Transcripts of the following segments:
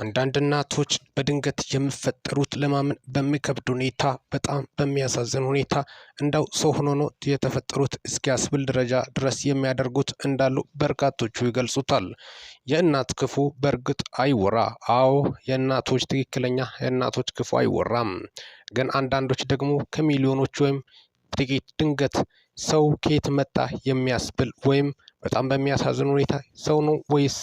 አንዳንድ እናቶች በድንገት የሚፈጠሩት ለማመን በሚከብድ ሁኔታ በጣም በሚያሳዝን ሁኔታ እንዳው ሰው ሆኖ ነው የተፈጠሩት እስኪያስብል ደረጃ ድረስ የሚያደርጉት እንዳሉ በርካቶቹ ይገልጹታል። የእናት ክፉ በእርግጥ አይወራ። አዎ የእናቶች ትክክለኛ የእናቶች ክፉ አይወራም። ግን አንዳንዶች ደግሞ ከሚሊዮኖች ወይም ጥቂት ድንገት ሰው ከየት መጣ የሚያስብል ወይም በጣም በሚያሳዝን ሁኔታ ሰው ነው ወይስ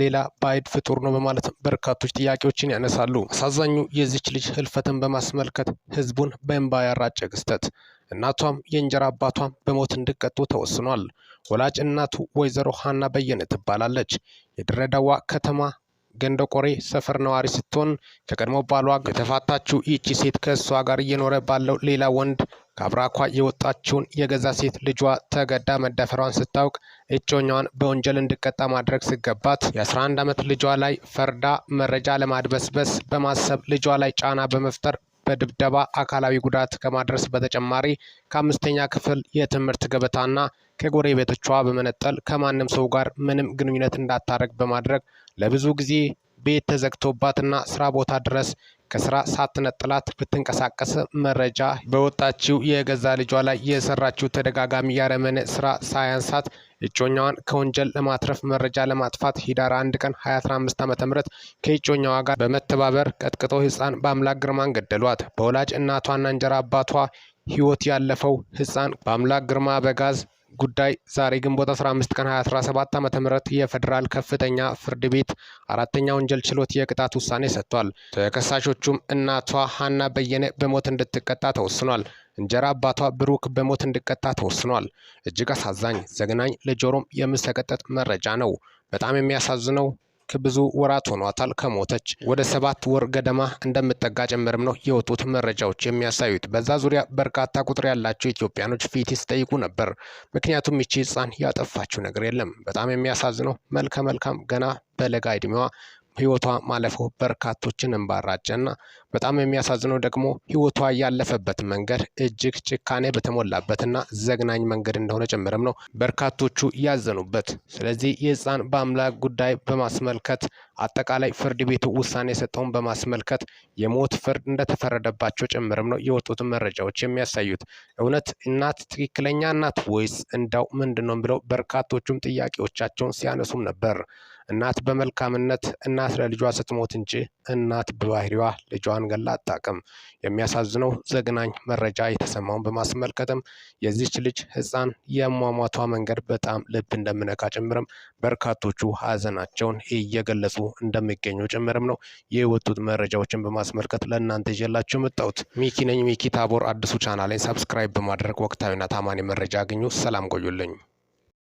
ሌላ ባዕድ ፍጡር ነው በማለት በርካቶች ጥያቄዎችን ያነሳሉ። አሳዛኙ የዚች ልጅ ህልፈትን በማስመልከት ህዝቡን በእንባ ያራጨ ክስተት እናቷም የእንጀራ አባቷም በሞት እንዲቀጡ ተወስኗል። ወላጅ እናቱ ወይዘሮ ሀና በየነ ትባላለች። የድሬዳዋ ከተማ ገንደ ቆሬ ሰፈር ነዋሪ ስትሆን ከቀድሞ ባሏ የተፋታችው ይቺ ሴት ከእሷ ጋር እየኖረ ባለው ሌላ ወንድ ከአብራኳ የወጣችውን የገዛ ሴት ልጇ ተገዳ መደፈሯን ስታውቅ እጮኛዋን በወንጀል እንዲቀጣ ማድረግ ሲገባት የ11 ዓመት ልጇ ላይ ፈርዳ መረጃ ለማድበስበስ በማሰብ ልጇ ላይ ጫና በመፍጠር በድብደባ አካላዊ ጉዳት ከማድረስ በተጨማሪ ከአምስተኛ ክፍል የትምህርት ገበታና ከጎረቤቶቿ በመነጠል ከማንም ሰው ጋር ምንም ግንኙነት እንዳታደርግ በማድረግ ለብዙ ጊዜ ቤት ተዘግቶባትና ስራ ቦታ ድረስ ከስራ ሳትነጥላት ብትንቀሳቀስ መረጃ በወጣችው የገዛ ልጇ ላይ የሰራችው ተደጋጋሚ ያረመኔ ስራ ሳያንሳት እጮኛዋን ከወንጀል ለማትረፍ መረጃ ለማጥፋት ሂዳር አንድ ቀን 2015 ዓ ም ከእጮኛዋ ጋር በመተባበር ቀጥቅጦ ህፃን በአምላክ ግርማን ገደሏት። በወላጅ እናቷና እንጀራ አባቷ ህይወት ያለፈው ህፃን በአምላክ ግርማ በጋዝ። ጉዳይ ዛሬ ግንቦት 15 ቀን 2017 ዓ.ም የፌዴራል ከፍተኛ ፍርድ ቤት አራተኛ ወንጀል ችሎት የቅጣት ውሳኔ ሰጥቷል። ተከሳሾቹም እናቷ ሀና በየነ በሞት እንድትቀጣ ተወስኗል። እንጀራ አባቷ ብሩክ በሞት እንዲቀጣ ተወስኗል። እጅግ አሳዛኝ፣ ዘግናኝ፣ ለጆሮም የምሰቀጠጥ መረጃ ነው። በጣም የሚያሳዝነው ከብዙ ወራት ሆኗታል ከሞተች። ወደ ሰባት ወር ገደማ እንደምጠጋ ጭምርም ነው የወጡት መረጃዎች የሚያሳዩት። በዛ ዙሪያ በርካታ ቁጥር ያላቸው ኢትዮጵያኖች ፊት ሲጠይቁ ነበር። ምክንያቱም ይቺ ህፃን ያጠፋችው ነገር የለም። በጣም የሚያሳዝነው መልከ መልካም ገና በለጋ ዕድሜዋ ህይወቷ ማለፈው በርካቶችን እንባራጨና በጣም የሚያሳዝነው ደግሞ ህይወቷ ያለፈበት መንገድ እጅግ ጭካኔ በተሞላበትና ዘግናኝ መንገድ እንደሆነ ጭምርም ነው በርካቶቹ ያዘኑበት። ስለዚህ የህፃን በአምላክ ጉዳይ በማስመልከት አጠቃላይ ፍርድ ቤቱ ውሳኔ የሰጠውን በማስመልከት የሞት ፍርድ እንደተፈረደባቸው ጭምርም ነው የወጡትን መረጃዎች የሚያሳዩት። እውነት እናት ትክክለኛ እናት ወይስ እንዳው ምንድን ነው ብለው በርካቶቹም ጥያቄዎቻቸውን ሲያነሱም ነበር። እናት በመልካምነት እናት ለልጇ ስትሞት እንጂ እናት በባህሪዋ ልጇን መንገድ ላጣቅም። የሚያሳዝነው ዘግናኝ መረጃ የተሰማውን በማስመልከትም የዚች ልጅ ህፃን የሟሟቷ መንገድ በጣም ልብ እንደምነካ ጭምርም በርካቶቹ ሀዘናቸውን እየገለጹ እንደሚገኙ ጭምርም ነው የወጡት መረጃዎችን በማስመልከት ለእናንተ ይዤላችሁ መጣሁት። ሚኪ ነኝ ሚኪ ታቦር። አዲሱ ቻናሌን ሰብስክራይብ በማድረግ ወቅታዊና ታማኝ መረጃ አግኙ። ሰላም ቆዩልኝ።